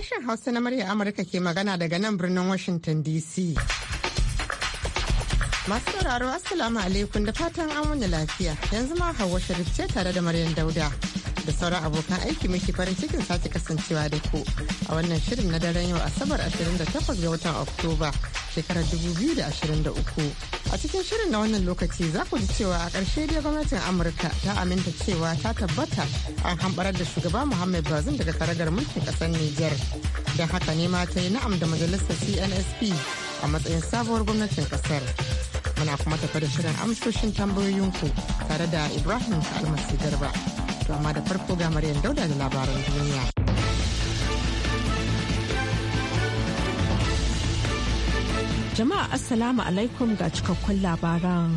Sashen Hausa na murya Amurka ke magana daga nan birnin Washington DC. Masu sauraro Assalamu alaikum da fatan an wani lafiya. Yanzu ma Hauwa Sharif ce tare da Maryam Dauda. da sauran abokan aiki muke farin cikin sake kasancewa da ku a wannan shirin na daren yau asabar 28 ga watan oktoba shekarar 2023 a cikin shirin na wannan lokaci za ku ji cewa a ƙarshe dai gwamnatin amurka ta aminta cewa ta tabbata an hambarar da shugaba muhammad bazin daga karagar mulkin ƙasar niger don haka ne ma ta yi na'am da majalisar cnsp a matsayin sabuwar gwamnatin ƙasar muna kuma tafi da shirin amsoshin tambayoyinku tare da ibrahim almasi garba to amma da farko ga Maryam Dauda da labaran duniya. Jama'a Assalamu alaikum ga cikakkun labaran.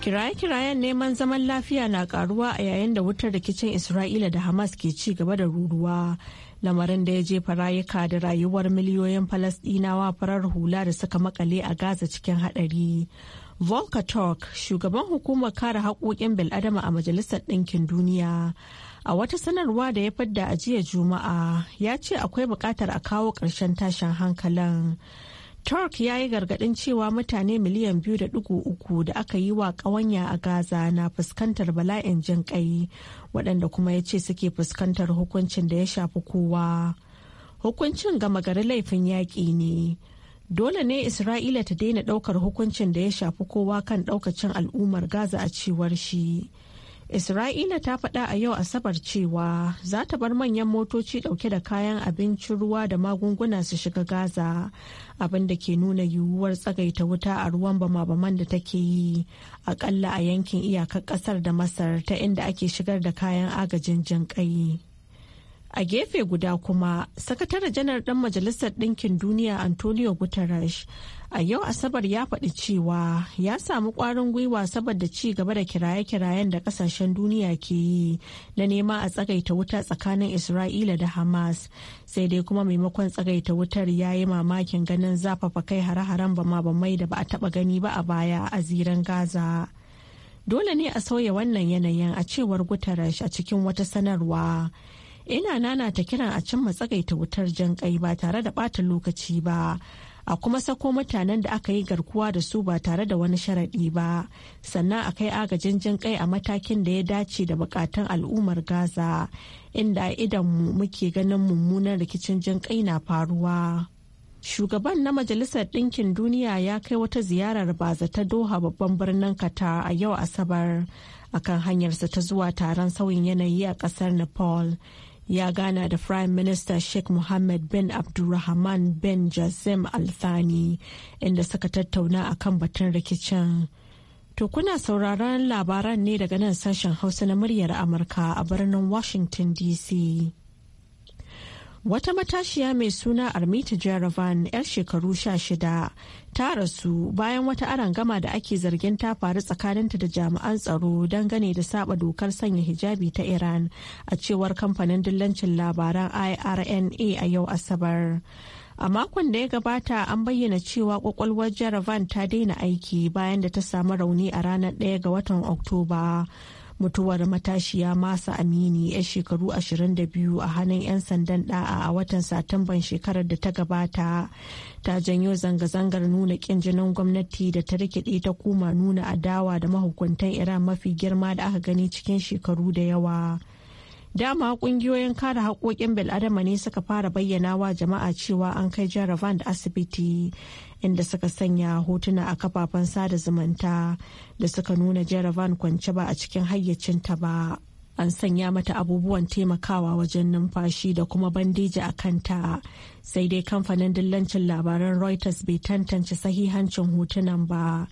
Kiraye-kirayen neman zaman lafiya na karuwa a yayin da wutar rikicin Isra'ila da Hamas ke ci gaba da ruruwa. Lamarin da ya jefa rayuka da rayuwar miliyoyin Falasɗinawa farar hula da suka makale a Gaza cikin haɗari. Volker Turk, shugaban hukumar kare haƙoƙin bil'adama a Majalisar Ɗinkin Duniya, a wata sanarwa da ya fadda a jiya Juma'a ya ce akwai buƙatar a kawo ƙarshen tashin hankalin. Turk ya yi gargaɗin cewa mutane miliyan biyu da dugu uku da aka yi wa ƙawanya a Gaza na fuskantar bala'in jin ƙai, waɗanda kuma ya ce suke fuskantar hukuncin da ya shafi kowa. Hukuncin gama gari laifin yaƙi ne. Dole ne Isra'ila ta daina ɗaukar hukuncin da ya shafi kowa kan ɗaukacin al'ummar Gaza a cewar shi. Isra'ila ta faɗa a yau Asabar cewa za ta bar manyan motoci ɗauke da kayan abincin ruwa da magunguna su shiga Gaza, abin da ke nuna yiwuwar tsagaita wuta a ruwan bama-baman da take yi, akalla a yankin iyakar ƙasar da Masar ta inda ake shigar da kayan agajin jinƙai. a gefe guda kuma sakatare janar ɗan majalisar ɗinkin duniya antonio guterres a yau asabar ya faɗi cewa ya samu ƙwarin gwiwa saboda ci gaba da kiraye-kirayen da ƙasashen duniya ke yi na nema a tsagaita wuta tsakanin isra'ila da hamas sai dai kuma maimakon tsagaita wutar ya yi mamakin ganin zafafa kai hare-haren bama-bamai da ba a taɓa gani ba a baya a ziran gaza dole ne a sauya wannan yanayin a cewar guterres a cikin wata sanarwa ina nana ta kiran a cimma tsagaita wutar jan kai ba tare da ɓata lokaci ba a kuma sako mutanen da aka yi garkuwa da su ba tare da wani sharaɗi ba sannan a kai agajin jin kai a matakin da ya dace da bukatun al'ummar gaza inda a idanmu muke ganin mummunan rikicin jin kai na faruwa shugaban na majalisar ɗinkin duniya ya kai wata ziyarar baza ta doha babban birnin kata a yau asabar akan hanyarsa ta zuwa taron sauyin yanayi a ƙasar nepal ya gana da Prime Minister Sheikh Mohammed bin Abdulrahman bin Jassim Al inda suka tattauna a kan batun rikicin. To kuna sauraron labaran ne daga nan sashen Hausa na muryar Amurka a birnin Washington DC. Wata matashiya mai suna Armita Jaravan 'yar shekaru sha shida ta rasu bayan wata arangama da ake zargin ta faru tsakaninta da jami'an tsaro gane da saba dokar sanya hijabi ta Iran a cewar kamfanin dillancin labaran IRNA a yau Asabar. A makon da ya gabata an bayyana cewa kwakwalwar Jaravan ta daina aiki bayan da ta samu rauni a ranar 1 ga watan Oktoba. mutuwar matashiya masa amini 'yar shekaru 22 a hannun 'yan sandan da'a a watan satumban shekarar da ta gabata ta janyo zanga-zangar nuna kin jinin gwamnati da ta rikide ta koma nuna adawa da mahukuntan iran mafi girma da aka gani cikin shekaru da yawa dama kungiyoyin kare haƙoƙin bil'adama ne suka fara bayyana wa jama'a cewa an kai jarabar da asibiti inda suka sanya hotuna a kafafen sada zumunta da suka nuna jaravan kwance ba a cikin hayyacinta ba an sanya mata abubuwan taimakawa wajen numfashi da kuma bandeji a kanta sai dai kamfanin dillancin labaran reuters bai tantance sahihancin hotunan ba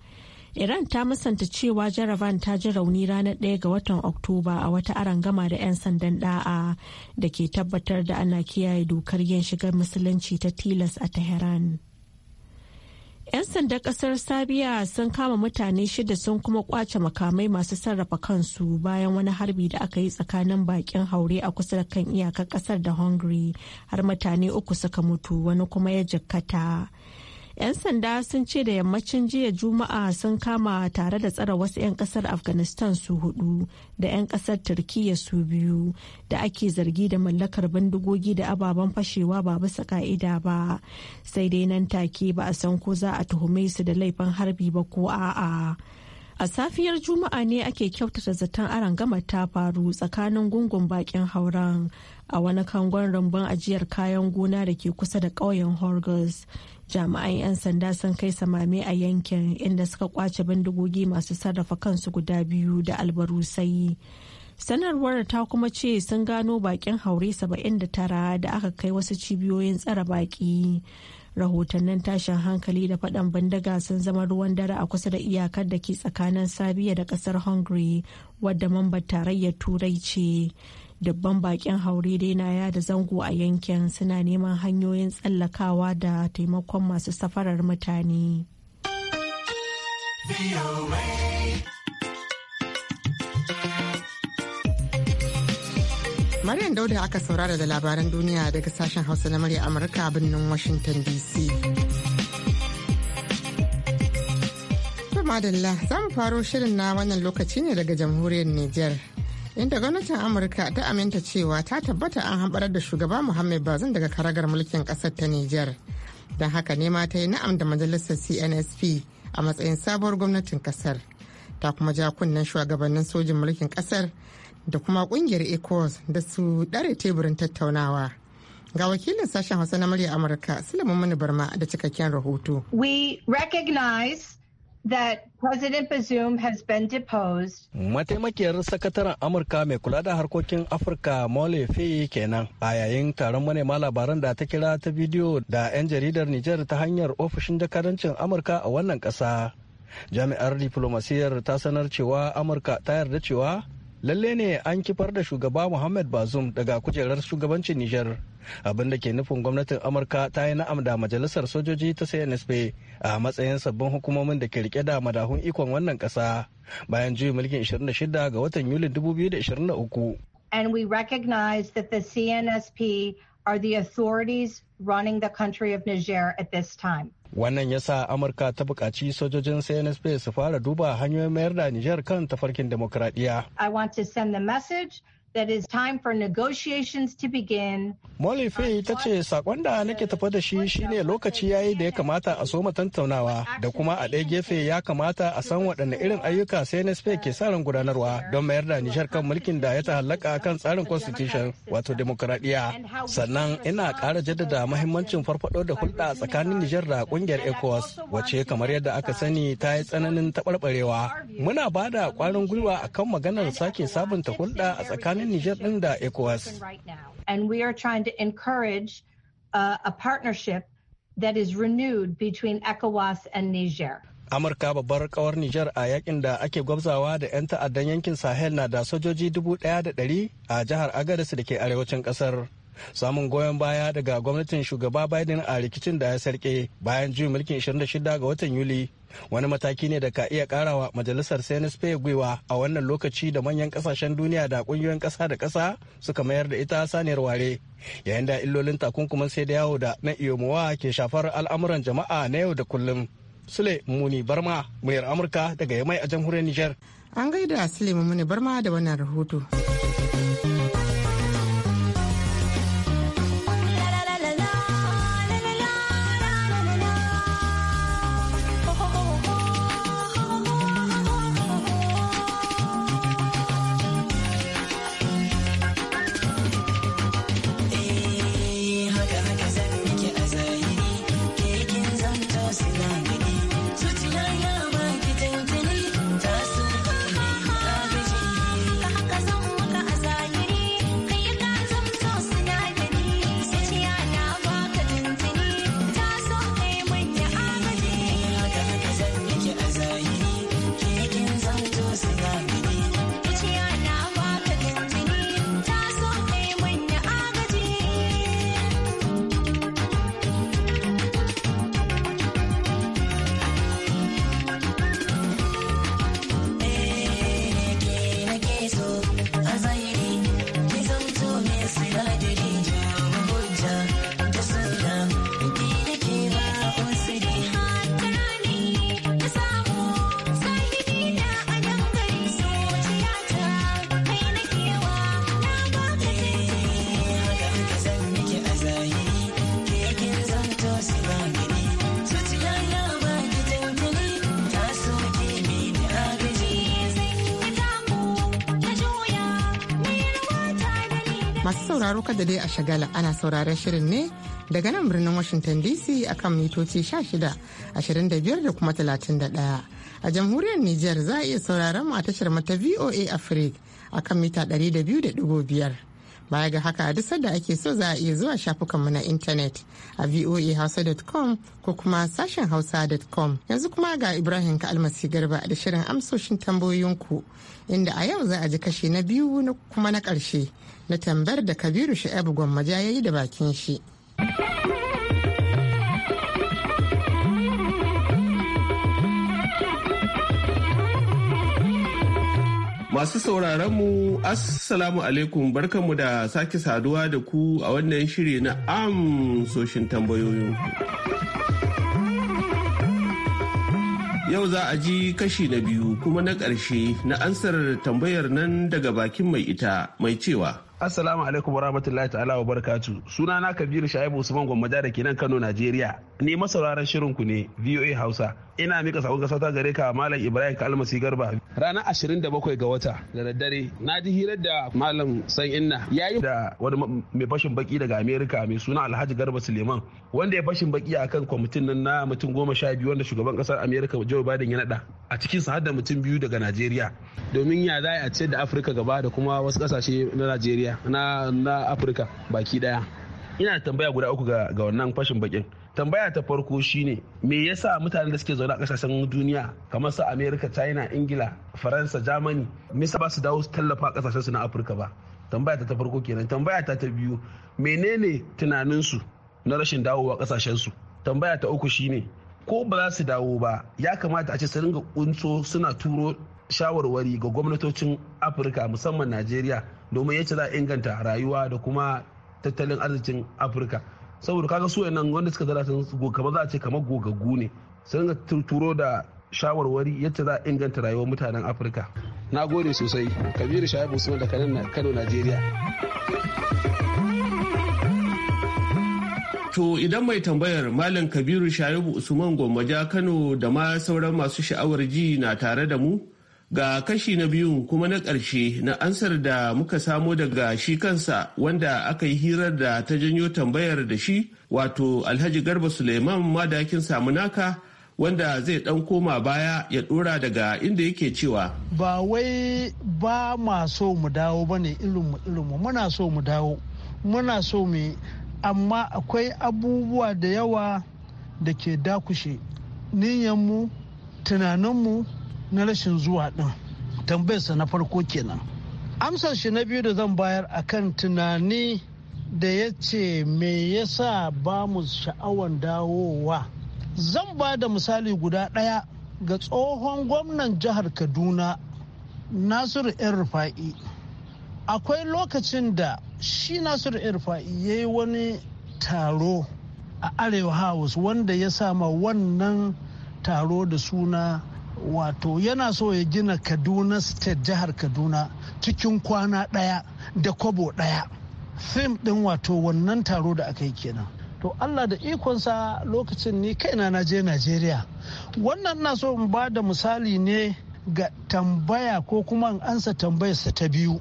iran ta musanta cewa jaravan ta ji rauni ranar 1 ga watan oktoba a wata arangama da 'yan sandan da'a da ke tabbatar da ana kiyaye dokar yin shigar musulunci ta tilas a tehran 'Yan sandan kasar Sabiya sun kama mutane shida sun kuma kwace makamai masu sarrafa kansu bayan wani harbi da aka yi tsakanin bakin haure a kusa da kan iyakar kasar da Hungary har mutane uku suka mutu wani kuma ya jikkata. 'yan sanda sun ce da yammacin jiya juma'a sun kama tare da tsare wasu 'yan kasar afghanistan su hudu da 'yan kasar turkiyya su biyu da ake zargi da mallakar bindigogi da ababen fashewa ba bisa ka'ida ba sai dai nan take ba a san ko za a tuhume su da laifin harbi ba ko a'a. A safiyar Juma'a ne ake kyautata zaton aron gama ta faru tsakanin gungun bakin hauren a wani kangon rumbun ajiyar kayan gona da ke kusa da ƙauyen Horgus jami'an 'yan sanda sun kai samame a yankin inda suka kwace bindigogi masu sarrafa kansu guda biyu da albarusai sanarwar ta kuma ce sun gano bakin haure 79 da aka kai wasu cibiyoyin tsara baki rahotannin tashin hankali da faɗan bindiga sun zama ruwan dare a kusa da iyakar da ke tsakanin sabiya da ƙasar hungary wadda mambar tarayyar turai ce dubban bakin haure dai na ya da zango a yankin suna neman hanyoyin tsallakawa da taimakon masu safarar mutane. Maryam Dauda aka saurara da labaran duniya daga sashen Hausa na murya Amurka a birnin Washington DC. madalla za mu faro shirin na wannan lokaci ne daga jamhuriyar Nijar inda gwamnatin amurka ta aminta cewa ta tabbata an hambarar da shugaba muhammad bazin daga karagar mulkin ƙasar ta niger don haka ne ma ta yi na'am da majalisar cnsp a matsayin sabuwar gwamnatin ƙasar ta kuma ja kunnen shugabannin sojin mulkin ƙasar da kuma ƙungiyar ecos da su dare teburin tattaunawa ga wakilin sashen hausa na murya amurka sulaiman mani barma da cikakken rahoto we recognize that President Bazoum has been deposed. Mataimakiyar sakataren Amurka mai kula da harkokin Afirka Faye kenan a yayin taron manema labaran da ta kira ta bidiyo da 'yan jaridar Nijar ta hanyar ofishin jakadancin Amurka a wannan ƙasa. Jami'ar diplomasiyar ta sanar cewa Amurka ta yarda cewa lalle ne an kifar da shugaba muhammad bazum daga kujerar shugabancin nijar abin da ke nufin gwamnatin amurka ta yi na'am da majalisar sojoji ta cnsp a matsayin sabbin hukumomin da ke rike da madahun ikon wannan kasa bayan juyin mulkin 26 ga watan yulin 2023 and we recognize that the cnsp are the authorities running the country of niger at this time wannan ya sa amurka ta bukaci sojojin cnsp su fara duba hanyoyin mayar da nijar kan tafarkin demokradiyya i want to send the message that is time for negotiations to Molife ta ce sakon da nake tafa da shi shine lokaci yayi da ya kamata a soma tantaunawa da kuma a ɗaya gefe ya kamata a san waɗanne irin ayyuka CNSP ke sa ran gudanarwa don mayar da nishar kan mulkin da ya ta'allaka kan tsarin constitution wato demokradiyya. Sannan ina ƙara jaddada mahimmancin farfaɗo da hulɗa tsakanin Nijar da ƙungiyar ECOWAS wacce kamar yadda aka sani ta yi tsananin taɓarɓarewa. Muna bada da ƙwarin gwiwa akan maganar sake sabunta hulɗa a tsakanin yan Nijar din da ECOWAS. And we are trying to encourage uh, a partnership that is renewed between ECOWAS and Niger. Amurka babbar kawar Nijar a yakin da ake gwabzawa da 'yan ta'addan yankin Sahel na da sojoji 1,100 a jihar Agadis da ke arewacin kasar. samun goyon baya daga gwamnatin shugaba biden a rikicin da ya sarke bayan juyin mulkin 26 ga watan yuli wani mataki ne da ka iya karawa majalisar senate gwiwa a wannan lokaci da manyan kasashen duniya da kungiyoyin kasa da kasa suka mayar da ita saniyar ware yayin da illolin takunkumin sai da yawo da na iyomowa ke shafar al'amuran jama'a na yau da kullum sule muni barma muryar amurka daga yamai a jamhuriyar niger an gaida sule muni barma da wannan rahoto Masu sauraro kada dai a shagala ana sauraron shirin ne daga nan birnin Washington DC akan mitoci 16, ashirin da kuma 31. A jamhuriyar Nijar za a iya sauraron mu a tashar mata VOA Africa akan mita 200.5. baya ga haka duk sadda ake so za a iya zuwa shafukanmu na intanet a voahausa.com ko kuma sashen hausa.com yanzu kuma ga ibrahim ka almasi garba da shirin amsoshin tambayoyinku inda a yau za a ji kashe na biyu kuma na karshe na tambayar da kabiru sha'abu gwammaja ya yi da bakin shi. Masu sauraron mu Assalamu alaikum barkanmu da sake saduwa da ku a wannan shiri na amsoshin tambayoyin. Yau za a ji kashi na biyu kuma na ƙarshe na ansar tambayar nan daga bakin mai ita mai cewa. Assalamu alaikum wa rahmatullahi ta'ala wa barakatu. Suna na Kabiru Shaibu Usman Gwammaja da ke nan Kano, Najeriya. Ni masauraran shirin ku ne VOA Hausa. ina mika sakon kasa ta gare ka malam ibrahim kalmasi garba ranar da 27 ga wata da daddare na ji hirar da malam san inna yayi da wani mai fashin baki daga america mai suna alhaji garba suleiman wanda ya fashin baki a kan kwamitin nan na mutum goma sha biyu wanda shugaban kasar america joe biden ya nada a cikin sa da mutum biyu daga najeriya domin ya za a ce da afirka gaba da kuma wasu kasashe na najeriya na afirka baki daya ina tambaya guda uku ga wannan fashin bakin tambaya ta farko shine me yasa mutanen da suke zaune a kasashen duniya kamar su america china ingila faransa germany nisa ba su dawo su tallafa kasashen su na afirka ba tambaya ta farko kenan tambaya ta ta biyu menene tunanin su na rashin dawowa kasashen su tambaya ta uku shine ko ba za su dawo ba ya kamata a ce su ringa kunso suna turo shawarwari ga gwamnatocin afirka musamman najeriya domin yace za a inganta rayuwa da kuma tattalin arzikin afirka saboda kaga su nan wanda suka zara sun kamar za a ce kamar gogaggu ne sun turturo da shawarwari yadda za a inganta rayuwar mutanen afirka na gode sosai kabiru shayar usman da kano nigeria. To idan mai tambayar Malam Kabiru Shaibu Usman Gwammaja Kano da ma sauran masu sha'awar ji na tare da mu, Ga kashi na biyu kuma na ƙarshe na ansar da muka samo daga shi kansa wanda aka yi hirar da ta janyo tambayar da shi wato Alhaji Garba Suleiman madakin samunaka wanda zai dan koma baya ya ɗora daga inda yake cewa. Ba wai ba ma so mu dawo ba ne irinmu irinmu muna so mu dawo muna so mu amma akwai abubuwa da yawa da ke dakushe niyanmu tunaninmu na rashin zuwa ɗin tambayarsa na farko kenan amsar shi na biyu da zan bayar a kan tunani da ya ce me yasa ba mu sha'awan dawowa zan ba da misali guda ɗaya ga tsohon gwamnan jihar kaduna nasiru yan rufa'i akwai lokacin da shi nasiru yan rufa'i ya yi wani taro a arewa house wanda ya sama wannan taro da suna wato yana so ya gina kaduna state jihar kaduna cikin kwana ɗaya da kwabo ɗaya fim ɗin wato wannan taro da aka yi kenan to allah da ikonsa lokacin ni kaina na je najeriya wannan na so in ba da misali ne ga tambaya ko kuma in ansa tambayarsa ta biyu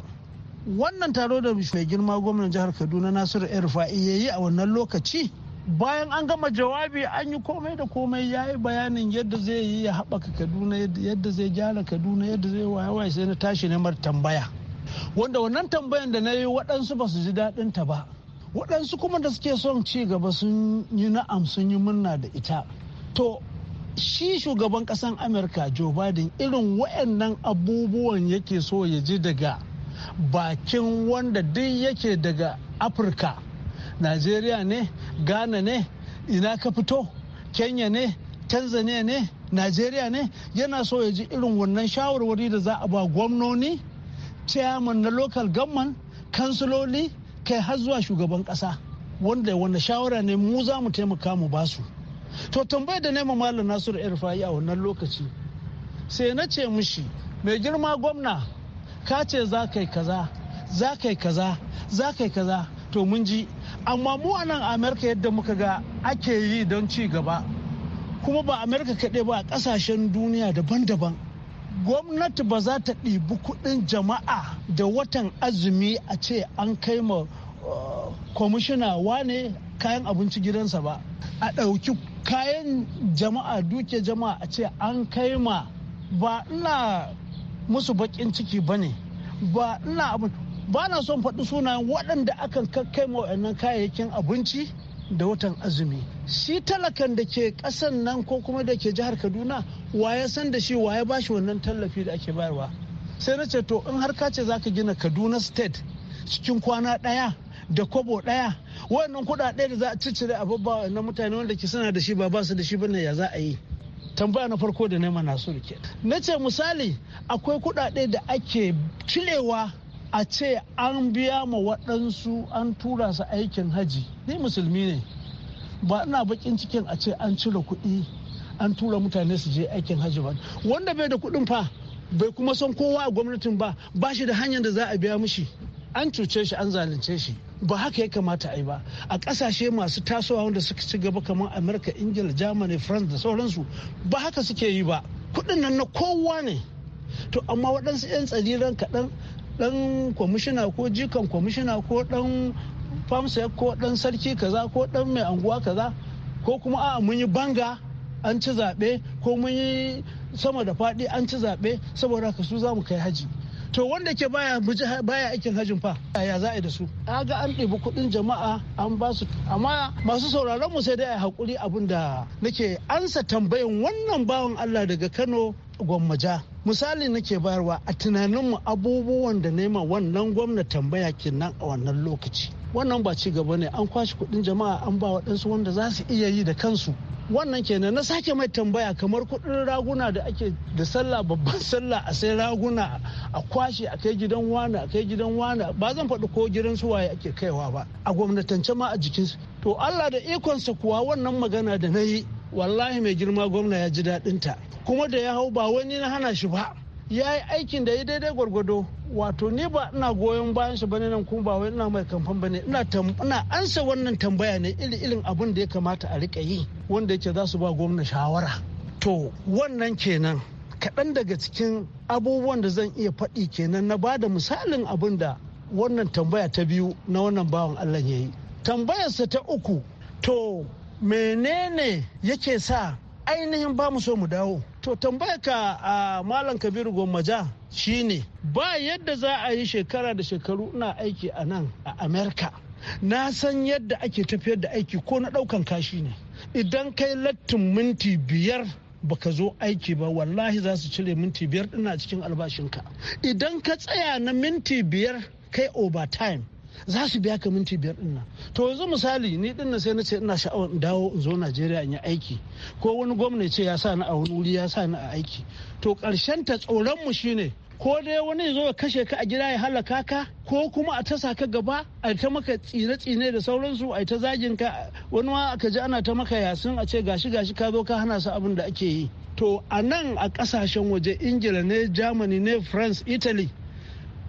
wannan taro da mai girma gwamnan jihar kaduna nasiru el rufa'i ya yi a wannan lokaci bayan an gama jawabi an yi komai da komai ya yi bayanin yadda zai yi ya haɓaka kaduna yadda zai gyara kaduna yadda zai waye sai na tashi neman tambaya wanda wannan tambayan da na yi waɗansu ba su ji daɗin ta ba waɗansu kuma da suke son ci gaba sun yi na'am sun yi murna da ita to shi shugaban ƙasan amurka joe biden irin waɗannan abubuwan yake so ya ji daga bakin wanda duk yake daga afirka najeriya ne ghana ne ina ka fito kenya ne tanzania ne najeriya ne yana so ya ji irin wannan shawarwari da za a ba gwamnoni chairman na local government kansiloli kai har zuwa shugaban kasa wanda wanda shawara ne mu za mu taimaka mu ba su to tambayar da nema malam nasiru irfa'i a wannan lokaci sai na ce mishi mai girma gwamna ka ce za ka kaza za ka yi kaza za ka yi kaza to mun ji amma mu a nan amerika yadda muka ga ake yi don ci gaba kuma ba amerika kaɗai ba a ƙasashen duniya daban-daban gwamnati ba za ta ɗibi kuɗin jama'a da watan azumi a ce an kai ma eh, kwamishina wane kayan abinci gidansa ba a ɗauki kayan jama'a duke jama'a a ce an kai ma ba ina musu baƙin ciki ba ne ba ina abin ba na son faɗi sunayen waɗanda akan kakkai ma waɗannan kayayyakin abinci da watan azumi shi talakan da ke ƙasan nan ko kuma da ke jihar kaduna wa ya san da shi waye ba shi wannan tallafi da ake bayarwa sai na ce to in har ka ce za ka gina kaduna state cikin kwana ɗaya da kobo ɗaya wannan kuɗaɗe da za a ciccire a babba na mutane wanda ke suna da shi ba ba da shi bane ya za a yi tambaya na farko da nema na so na ce misali akwai kuɗaɗe da ake cilewa a ce an biya ma waɗansu an tura su aikin haji ni musulmi ne ba ina bakin cikin a ce an cire kuɗi an tura mutane su je aikin haji ba wanda bai da kuɗin fa bai kuma son kowa a gwamnatin ba ba shi da hanyar da za a biya mishi an cuce shi an zalunce shi ba haka ya kamata a yi ba a ƙasashe masu tasowa wanda suka ci gaba kamar amurka ingila germany france da sauransu ba haka suke yi ba kuɗin nan na kowa ne to amma waɗansu 'yan tsaliran kaɗan dan kwamishina ko jikan kwamishina ko dan famsa ko dan sarki kaza ko dan mai anguwa kaza ko kuma a'a mun yi banga an ci zaɓe ko mun yi sama da faɗi an ci zaɓe saboda ka su za kai haji to wanda ke baya baya aikin hajin fa ya za a yi da su ga an ɗibi kuɗin jama'a an ba su amma masu sauraron mu sai dai a haƙuri abin da nake ansa tambayan wannan bawan Allah daga Kano gwammaja misali nake bayarwa a tunaninmu abubuwan da nema wannan gwamnati tambaya kenan a wannan lokaci wannan ba ci gaba ne an kwashe kudin jama'a an ba waɗansu wanda za su iya yi da kansu wannan kenan na sake mai tambaya kamar kudin raguna da ake da sallah babban sallah a sai raguna a kwashe a kai gidan wani a kai gidan wani ba zan faɗi ko gidan su waye ake kaiwa ba a gwamnatance ma a jikinsu to allah da ikonsa kuwa wannan magana da na yi wallahi mai girma gwamna ya ji daɗinta kuma da ya hau ba wani na hana shi ba ya yi aikin da ya daidai gwargwado wato ni ba ina goyon bayan shi bane nan kuma ba wai ina mai kamfan bane ina ina ansa wannan tambaya ne ili ilin abin da ya kamata a rika yi wanda yake za su ba gwamna shawara to wannan kenan kaɗan daga cikin abubuwan da zan iya faɗi kenan na ba da misalin abin da wannan tambaya ta biyu na wannan bawan Allah ya yi tambayarsa ta uku to menene yake sa ainihin ba mu so mu dawo to tambaya a malam kabiru gwammaja shine ba yadda za a yi shekara da shekaru ina aiki a nan a amerika na san yadda ake tafiyar da aiki ko na ɗaukan kashi ne idan kai lattin minti biyar baka zo aiki ba wallahi za su cire minti biyar Ina cikin albashinka idan ka tsaya na minti biyar kai overtime za su biya ka minti biyar dinna to yanzu misali ni ɗin sai na ce ina sha'awar in dawo in zo najeriya in yi aiki ko wani gwamna ce ya sa ni a wani wuri ya sa ni a aiki to karshen ta tsoron mu shine ko dai wani zo ya kashe ka a gida ya halaka ka ko kuma a tasa ka gaba a ta maka tsine-tsine da sauransu a ta zagin ka wani ma aka ji ana ta maka yasin a ce gashi gashi ka zo ka hana su abin da ake yi to a nan a kasashen waje ingila ne germany ne france italy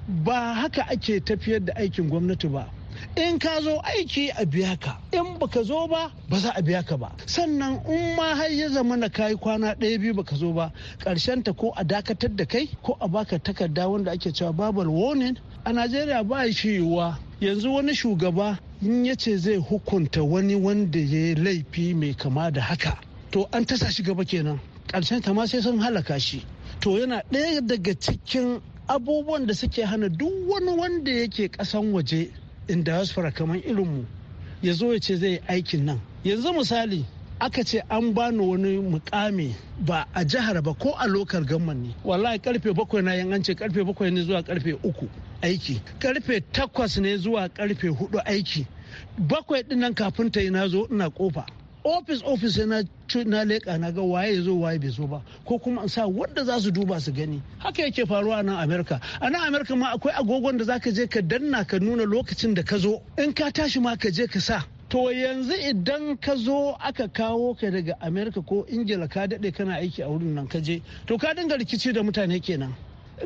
ba haka ake tafiyar da aikin gwamnati ba in ka zo aiki a biya ka in baka zo ba ba za a biya ka ba sannan in ma har ya zama na kayi kwana ɗaya biyu baka zo ba ƙarshen ta ko a dakatar da kai ko a baka takarda wanda ake cewa babal warning a najeriya ba shi yiwuwa yanzu wani shugaba in ya ce zai hukunta wani wanda ya yi laifi mai kama da haka to an tasa shi gaba kenan ƙarshen ta ma sai sun halaka shi to yana ɗaya daga cikin abubuwan da suke hana duk wani wanda yake kasan waje in diaspora kamar irinmu ya zo ya ce zai yi aikin nan yanzu misali aka ce an bani wani mukami ba a jihar ba ko a lokar gamman ne wallahi karfe bakwai na yan ce karfe bakwai ne zuwa karfe uku aiki karfe takwas ne zuwa karfe hudu aiki bakwai dinnan kafin ta yi na zo ina kofa ofis ofis na sai na leƙa na ga waye zo waye bai zo ba ko kuma in sa wanda za su duba su gani haka yake faruwa a nan amerika a nan amerika ma akwai agogon da za ka je ka danna ka nuna lokacin da ka zo in ka tashi ma ka je ka sa To yanzu idan ka zo aka kawo ka daga Amerika ko Ingila ka daɗe kana aiki a wurin nan ka je, to ka dinga rikici da mutane kenan.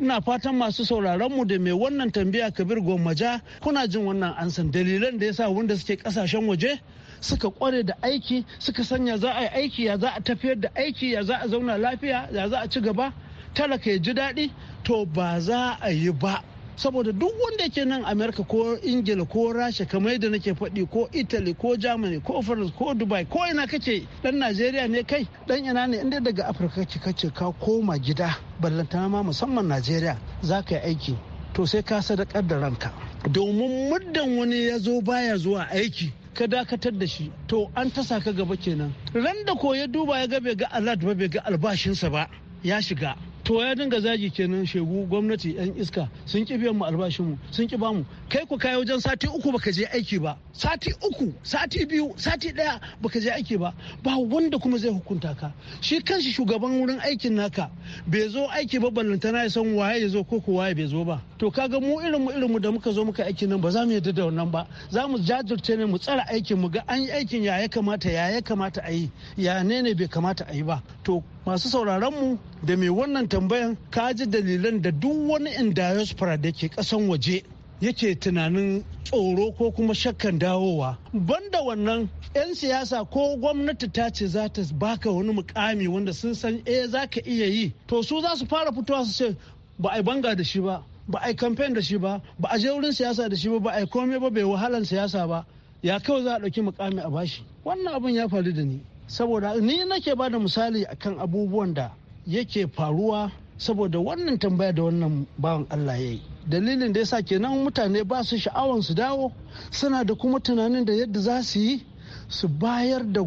ina fatan masu sauraron mu da mai wannan tambaya kabir gomaja kuna jin wannan ansan dalilan da yasa wanda suke kasashen waje suka kware da aiki suka sanya za a yi aiki ya za a tafiyar da aiki ya za a zauna lafiya ya za a ci gaba talaka ya ji daɗi to ba za a yi ba saboda duk wanda ke nan amerika ko ingila ko rasha kamar yadda nake faɗi ko italy ko germany ko france ko dubai ko ina kake dan najeriya ne kai dan ina ne inda daga afirka ka ce ka koma gida ballanta ma musamman najeriya za ka yi aiki to sai ka sadakar da ranka domin muddan wani ya zo baya zuwa aiki ka dakatar da shi to an tasa ka gaba kenan ran da ko ya duba ya ga bai ga alert ba bai ga albashinsa ba ya shiga to ya dinga zagi kenan shegu gwamnati yan iska sun ki biyan mu albashin mu sun ki bamu kai ku kai wajen sati uku baka je aiki ba sati uku sati biyu sati daya baka je aiki ba ba wanda kuma zai hukunta ka shi kanshi shugaban wurin aikin naka bai zo aiki ba ballanta ya san waye ya zo ko ko waye bai zo ba to kaga mu irin mu irin mu da muka zo muka aiki nan ba za mu yarda da wannan ba za mu jajirce ne mu tsara aikin mu ga an yi aikin ya ya kamata ya ya kamata a yi ya ne ne bai kamata a yi ba to masu sauraron mu da mai wannan tambayan ka ji dalilan da duk wani in diaspora da ke kasan waje yake tunanin tsoro ko kuma shakkan dawowa banda wannan 'yan siyasa ko gwamnati ta ce za ta baka wani mukami wanda sun san eh za ka iya yi to su za su fara fitowa su ce ba a banga da shi ba ba a yi kamfen da shi ba ba a je wurin siyasa da shi ba ba a komai ba bai wahalan siyasa ba ya kawai za a ɗauki mukami a bashi wannan abin ya faru da ni saboda ni nake bada da misali akan abubuwan da yake faruwa saboda wannan tambaya da wannan bawan Allah ya yi dalilin da ya yasa kenan mutane ba su sha'awan su dawo suna da kuma tunanin da yadda za su yi su bayar da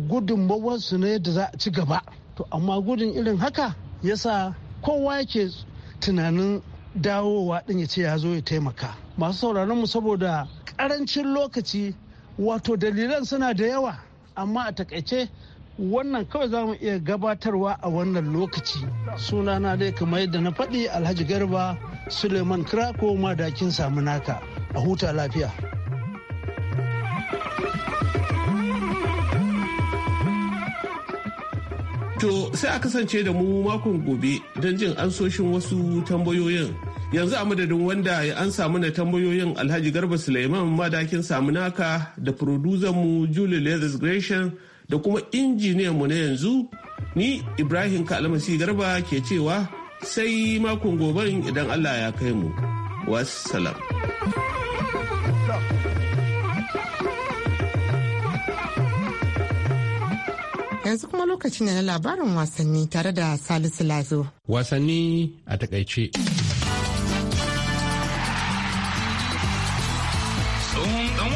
su na yadda za a ci gaba to amma gudun irin haka ya sa kowa yake tunanin dawowa din ya ce ya zo ya taimaka masu sauraron mu saboda karancin lokaci wato dalilan suna da yawa amma a takaice wannan kawai za mu iya gabatarwa a wannan lokaci sunana dai kamar yadda na faɗi alhaji garba suleiman krako madakin samu naka a huta lafiya to sai a kasance da mu makon gobe don jin ansoshin wasu tambayoyin yanzu a madadin wanda ya an samu na tambayoyin alhaji garba suleiman madakin samu naka da mu julie lezis gresham da kuma injiniyan mu na yanzu ni ibrahim kalmasi garba ke cewa sai makon gobe idan allah ya kai mu wassalam yanzu kuma lokaci ne na labarin wasanni tare da salisu lazo wasanni a takaice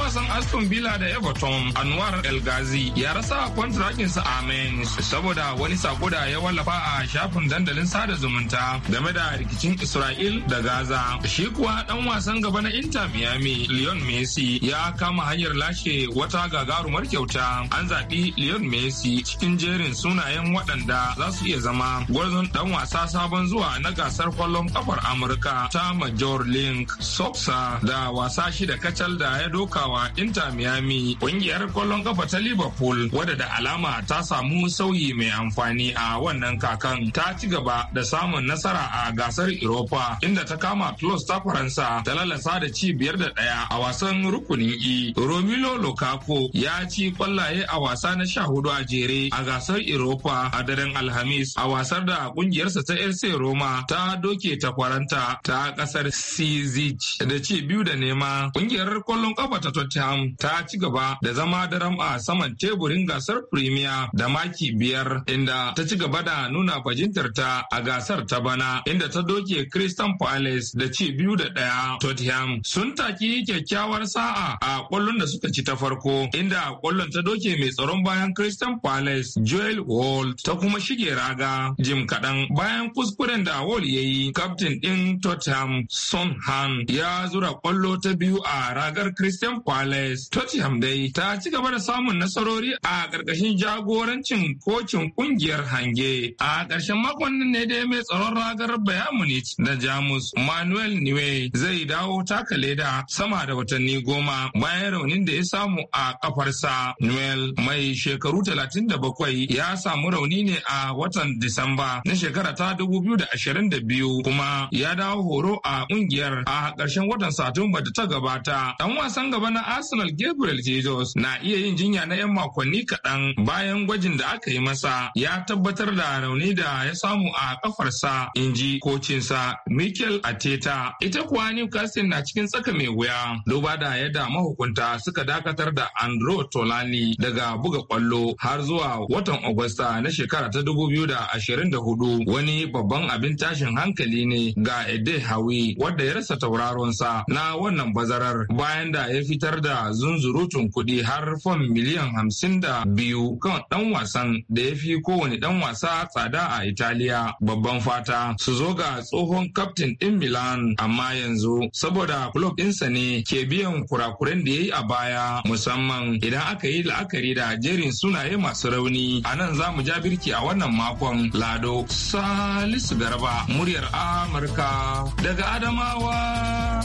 wasan Aston Villa da Everton Anwar El Ghazi ya rasa kwantirakinsa a Mainz saboda wani sako da ya wallafa a shafin dandalin sada zumunta game da rikicin israel da Gaza. Shi kuwa dan wasan gaba na Inter Miami Lionel Messi ya kama hanyar lashe wata gagarumar kyauta. An zaɓi Lionel Messi cikin jerin sunayen waɗanda za su iya zama gwarzon dan wasa sabon zuwa na gasar kwallon kafar Amurka ta Major Link Soxa da wasa da kacal da ya dokawa wa Inter Miami kungiyar kwallon kafa ta Liverpool wadda da alama ta samu sauyi mai amfani a wannan kakan ta ci gaba da samun nasara a gasar Europa inda ta kama Close ta Faransa ta lalasa da ci biyar da ɗaya a wasan rukunin E. Romelu Lukaku ya ci kwallaye a wasa na sha hudu a jere a gasar Europa a daren Alhamis a wasar da kungiyarsa ta RC Roma ta doke ta faranta ta kasar Czic da ci biyu da nema kungiyar kwallon kafa ta Nottingham ta ci gaba da zama daram a saman teburin gasar Premier da maki biyar inda ta ci gaba da nuna bajintarta a gasar ta bana inda ta doke Crystal Palace da ci biyu da ɗaya. Tottenham sun taki kyakkyawar sa'a a kwallon da suka ci ta farko inda kwallon ta doke mai tsaron bayan Crystal Palace Joel Walt ta kuma shige raga jim kaɗan bayan kuskuren da Wall ya yi kaftin ɗin Tottenham Son Han ya zura kwallo ta biyu a ragar Christian Palace Palace. Tottenham dai ta ci gaba da samun nasarori a ƙarƙashin jagorancin kocin ƙungiyar Hange. A ƙarshen makon nan ne dai mai tsaron ragar Bayern Munich da Jamus Manuel Niwe zai dawo taka leda sama da watanni goma bayan raunin da ya samu a kafarsa. Noel mai shekaru 37 ya samu rauni ne a watan Disamba na shekara ta 2022 kuma ya dawo horo a ƙungiyar a ƙarshen watan Satumba da ta gabata. Dan wasan gaba na Arsenal Gabriel Jesus na iya yin jinya na 'yan makonni kaɗan bayan gwajin da aka yi masa ya tabbatar da rauni da ya samu a ƙafarsa in ji kocinsa Mikel Ateta. Ita kuwa Newcastle na cikin tsaka mai wuya duba da yadda mahukunta suka dakatar da Andro Tolani daga buga kwallo har zuwa watan Agusta na shekara ta 2024 wani babban abin tashin hankali ne ga Ede Hawi wadda ya rasa tauraronsa na wannan bazarar bayan da ya fitar samar da zunzurutun kuɗi har fom miliyan hamsin da biyu kan ɗan wasan da ya fi kowane ɗan wasa tsada a Italiya. Babban fata su zo ga tsohon kaftin ɗin Milan amma yanzu saboda kulob ɗinsa ne ke biyan kurakuren da ya yi a baya musamman idan aka yi la'akari da jerin sunaye masu rauni a nan za mu ja birki a wannan makon Lado Salisu Garba muryar Amurka daga Adamawa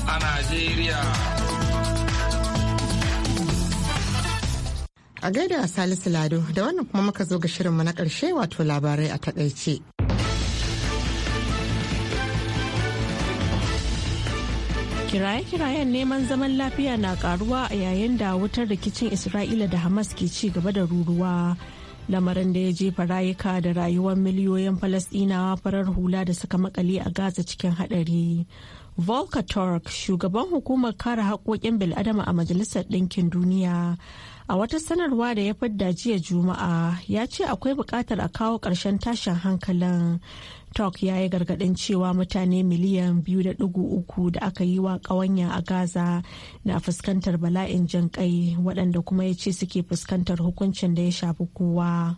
a Najeriya. A gaida Salisu Lado da wannan kuma muka zo ga shirinmu na ƙarshe wato labarai a takaice. kiraye-kirayen neman zaman lafiya na karuwa a yayin da wutar rikicin isra'ila da hamas ke ci gaba da ruruwa lamarin da ya jefa rayuka da rayuwar miliyoyin falasdinawa farar hula da suka makale a gaza cikin hadari volker turk shugaban hukumar kare haƙoƙin bil'adama a majalisar ɗinkin duniya a wata sanarwa da ya fadda jiya juma'a ya ce akwai buƙatar a kawo ƙarshen tashin hankalin tok ya yi gargaɗin cewa mutane miliyan biyu da uku da aka yi wa ƙawanya a gaza na fuskantar bala'in jan kai waɗanda kuma ya ce suke fuskantar hukuncin da ya shafi kowa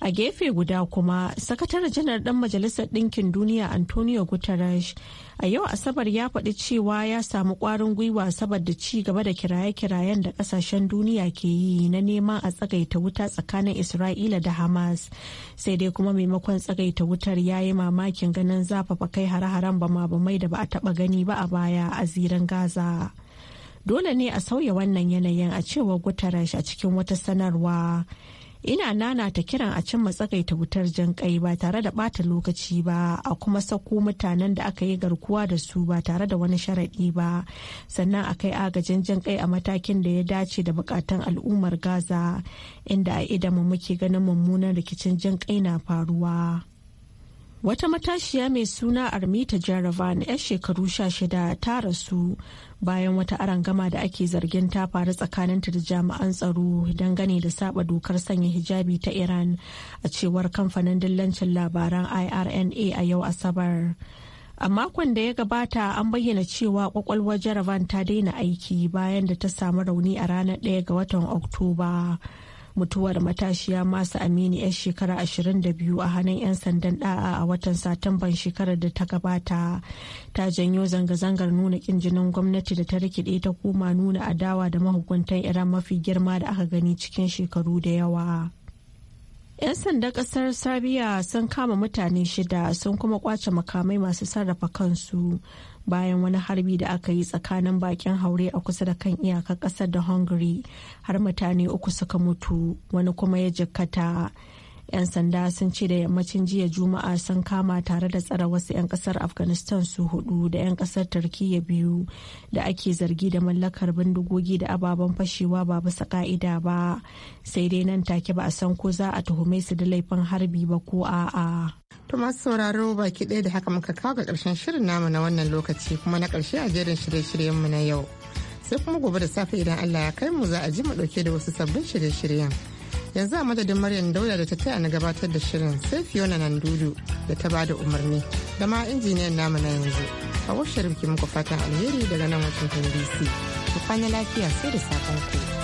a gefe guda kuma sakataren janar ɗan majalisar ɗinkin duniya antonio guterres a yau asabar ya faɗi cewa ya samu ƙwarin gwiwa saboda ci gaba da kiraye-kirayen da ƙasashen duniya ke yi na neman a tsagaita wuta tsakanin isra'ila da hamas sai dai kuma maimakon tsagaita wutar ya yi mamakin ganin zafafa kai hare-haren bama-bamai da ba a taɓa gani ba a baya a ziran gaza dole ne a sauya wannan yanayin a cewar guterres a cikin wata sanarwa ina nana ta kiran a cimma ta wutar jan kai ba tare da bata lokaci ba a kuma sako mutanen da aka yi garkuwa da su ba tare da wani sharaɗi ba sannan a kai agajin jan kai a matakin da ya dace da bukatan al'ummar gaza inda a idanmu muke ganin mummunan rikicin jan kai na faruwa. Wata matashiya mai suna Armita Jaravan 'yar shekaru shida ta rasu bayan wata arangama da ake zargin ta faru tsakaninta da jami'an tsaro dangane da saba dokar sanya hijabi ta Iran a cewar kamfanin dillancin labaran IRNA a yau Asabar. A makon da ya gabata an bayyana cewa kwakwalwar Jaravan ta daina aiki bayan da ta samu rauni a ranar 1 ga watan Oktoba. mutuwar matashiya masu amini 'yan shekara 22 a hannun 'yan sandan da'a a watan satumban shekarar da ta gabata ta janyo zanga-zangar nuna kin jinin gwamnati da ta rikide ta koma nuna adawa da mahukuntan iran mafi girma da aka gani cikin shekaru da yawa 'Yan sandan kasar Sabiya sun kama mutane shida sun kuma kwace makamai masu sarrafa kansu bayan wani harbi da aka yi tsakanin bakin haure a kusa da kan iyakar kasar da Hungary har mutane uku suka mutu wani kuma ya jikkata. 'yan sanda sun ce da yammacin jiya juma'a sun kama tare da tsare wasu 'yan kasar afghanistan su hudu da 'yan kasar turkiyya biyu da ake zargi da mallakar bindigogi da ababen fashewa ba bisa ka'ida ba sai dai nan take ba a san ko za a tuhume su da laifin harbi ba ko a'a. to masu sauraro baki ɗaya da haka muka kawo ga ƙarshen shirin namu na wannan lokaci kuma na ƙarshe a jerin shirye-shiryenmu na yau sai kuma gobe da safe idan allah ya kai mu za a ji mu ɗauke da wasu sabbin shirye-shiryen. yanzu a madadin maryam dauda da ta taya na gabatar da shirin sai fiona nan dudu da ta bada umarni da ma injiniyan namu na yanzu a washe muku fatan alheri daga nan washington dc ku kwana lafiya sai da sakon ku.